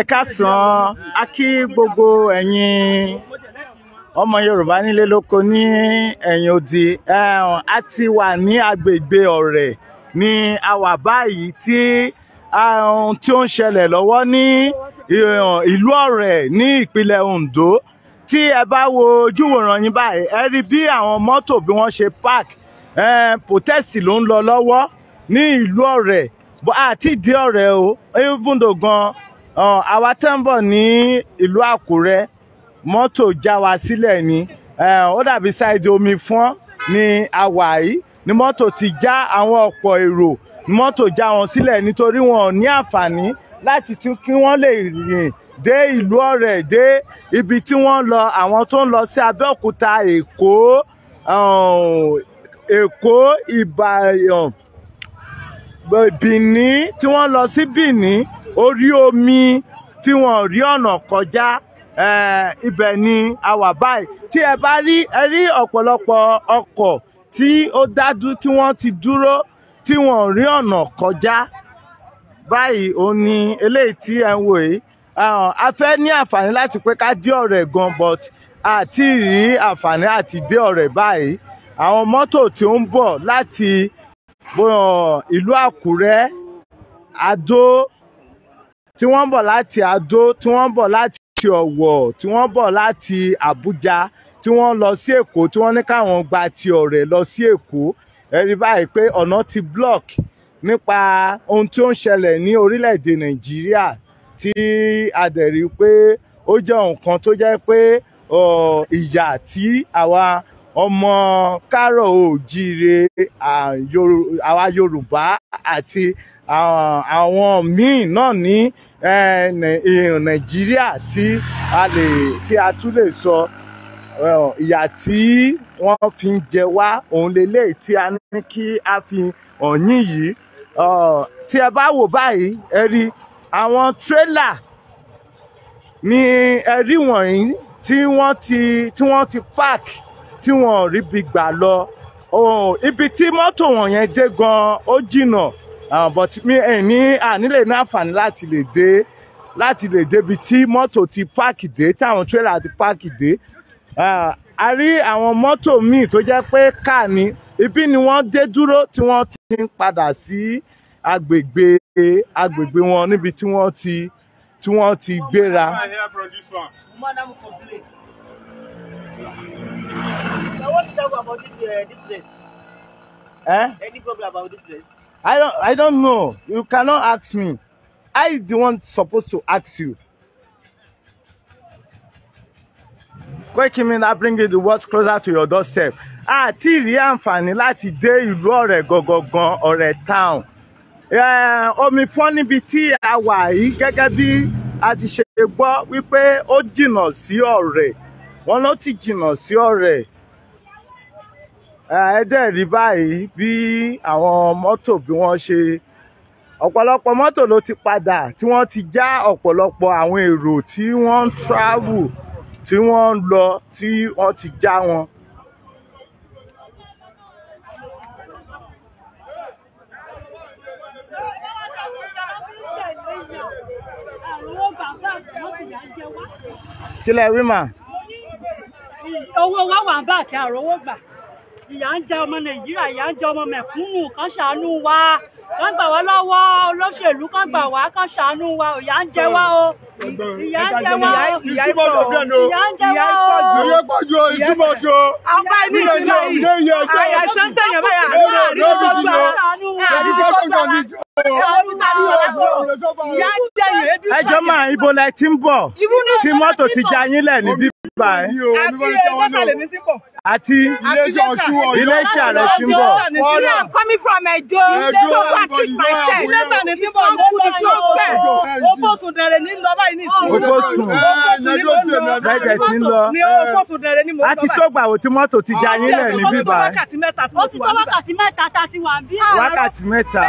ẹ káàsán a kí gbogbo ẹ̀yin ọmọ Yorùbá nílé lóko ní ẹ̀yìn odi a ti wà ní agbègbè Ọ̀rẹ̀ ní àwà báyìí tí tí ó ń ṣẹlẹ̀ lọ́wọ́ ní ìlú Ọ̀rẹ̀ ní ìpínlẹ̀ Ondo tí ẹ bá wo ojúwòrán yín báyìí ẹ rí bí àwọn mọ́tò bí wọ́n ṣe park protest ló ń lọ lọ́wọ́ ní ìlú Ọ̀rẹ̀ bó àti ìdí ọ̀rẹ́ o evundo gan uh, àwa tẹ́ ń bọ̀ ní ìlú Àkúrẹ́ mọ́tò já wa sílẹ̀ ni uh, ó dàbí ṣáìdì omi fún ní àwàyí ni mọ́tò ti já àwọn ọ̀pọ̀ èrò mọ́tò já wọn sílẹ̀ nítorí wọn ò ní àǹfààní láti tí kí wọ́n lè rìn dé ìlú ọ̀rẹ́ dé ibi tí wọ́n lọ àwọn tó ń lọ sí Abẹ́òkúta Èkó uh, Èkó Ìbàdàn Bìní tí wọ́n lọ sí Bìní orí omi tí wọ́n rí ọ̀nà kọjá ibẹ̀ ni a wà báyìí tí ẹ bá rí ẹ rí ọ̀pọ̀lọpọ̀ ọkọ̀ tí ó dájú tí wọ́n ti dúró tí wọ́n rí ọ̀nà kọjá báyìí ó ní eléyìí tí ẹ ń wò yìí a fẹ́ ní àǹfààní láti pé ká dé ọ̀rẹ́ gan but àti rí àǹfààní àti dé ọ̀rẹ́ báyìí àwọn mọ́tò tí ó ń bọ̀ láti bóyá ìlú Àkúrẹ́ Adó tí wọ́n ń bọ̀ láti Adó tí wọ́n ń bọ̀ láti Ọ̀wọ̀ tí wọ́n ń bọ̀ láti Abuja tí wọ́n lọ sí Èkó tí wọ́n ní káwọn gba ti ọ̀rẹ́ lọ sí Èkó ẹ rí báyìí pé ọ̀nà ti block nípa ohun tí ó ń ṣẹlẹ̀ ní orílẹ̀-èdè Nàìjíríà tí a dẹ̀ rí pé ó jẹ́ nǹkan tó jẹ́ pé ìyà tí àwa ọmọ kárọ̀ òjíire àwa yorùbá àti àwọn míì náà ní nàìjíríà tí a lè tí a tún lè sọ ìyà tí wọ́n fi ń jẹ wá òun lélẹ̀ tí a ní kí a fi hàn yín yìí tí ẹ bá wò báyìí ẹ rí àwọn tírélà ni ẹ rí tí wọ́n ti tí wọ́n tí wọ́n rí bí gbà lọ oh, ibi tí mọ́tò wọn yẹn dé gan ó jìnà ah, but mi ẹ̀ ní ànílè ní àǹfààní láti lè dé láti lè débi tí mọ́tò ti páàkì dé táwọn tírélà ti páàkì dé ah, a rí àwọn mọ́tò míì tó jẹ́ pé káà ni ibi ni wọ́n dé dúró tí wọ́n ti ń padà sí agbègbè agbègbè wọn níbi tí wọ́n ti tí wọ́n ti gbéra. Madam complain. I want to talk about this, uh, this place. Eh? Any problem about this place? I don't I don't know. You cannot ask me. I the one supposed to ask you. Quick mean I bring the words closer to your doorstep. A ti rí àǹfààní láti dé ìlú go gangan Ọ̀rẹ̀ town. Eh, omi fọ́n níbi tí a wà yìí gẹ́gẹ́ bí a ti ṣe gbọ́ wípé ó jìnnà You already wọ́n ló ti jìnnà sí ọ̀rẹ́ ẹ dẹ̀ rí báyìí bí àwọn mọ́tò bí wọ́n ṣe ọ̀pọ̀lọpọ̀ mọ́tò ló ti padà tí wọ́n ti já ọ̀pọ̀lọpọ̀ àwọn èrò tí wọ́n ń travel tí wọ́n ń lọ tí wọ́n ti já wọn. kí lẹ rí mà owó wa wà ń bá àti àròwó gbà ìyà ń jẹ ọmọ nàìjíríà ìyà ń jẹ ọmọ mẹ̀kúnnù kán ṣàánú wa kán gbà wá lọ́wọ́ olóṣèlú kán gbà wá kán ṣàánú wa ìyà ń jẹ wá o ìyà ń jẹ wá o ìyà ń jẹ wá o ìyà ń jẹ wá o. ìyà pàjọ ìtumọ̀ yìí àyà sẹ́nsẹ́ yẹn báyà àdúrà àdúrà àdúrà àdúrà ẹjọ́ máa ibo lẹ ti ń bọ̀ tí mọ́tò ti já yín lẹ̀ ní bíbá ẹ. àti ẹlẹ́sàlẹ̀ ní ti bọ̀. àti iléeṣẹ́ àlẹ́ ti ń bọ̀. I am coming from Ẹ̀jọ́ lẹ́gbọ̀n wá treat myself. iléeṣẹ́ àlẹ́ ti bọ̀ lọ́dún tí ó fẹ́. òfòsùn dẹ̀rẹ̀ ní lọ báyìí ní ìsìn. òfòsùn dẹ̀rẹ̀ ti ń lọ. ní òfòsùn dẹ̀rẹ̀ ni mo lọ báyìí. a ti tó gbàwó tí mọ́tò ti já yín lẹ̀ ní bíbá ẹ. ó ti tó wákàtí mẹ́ta tá a ti wà bí. wákàtí mẹ́ta.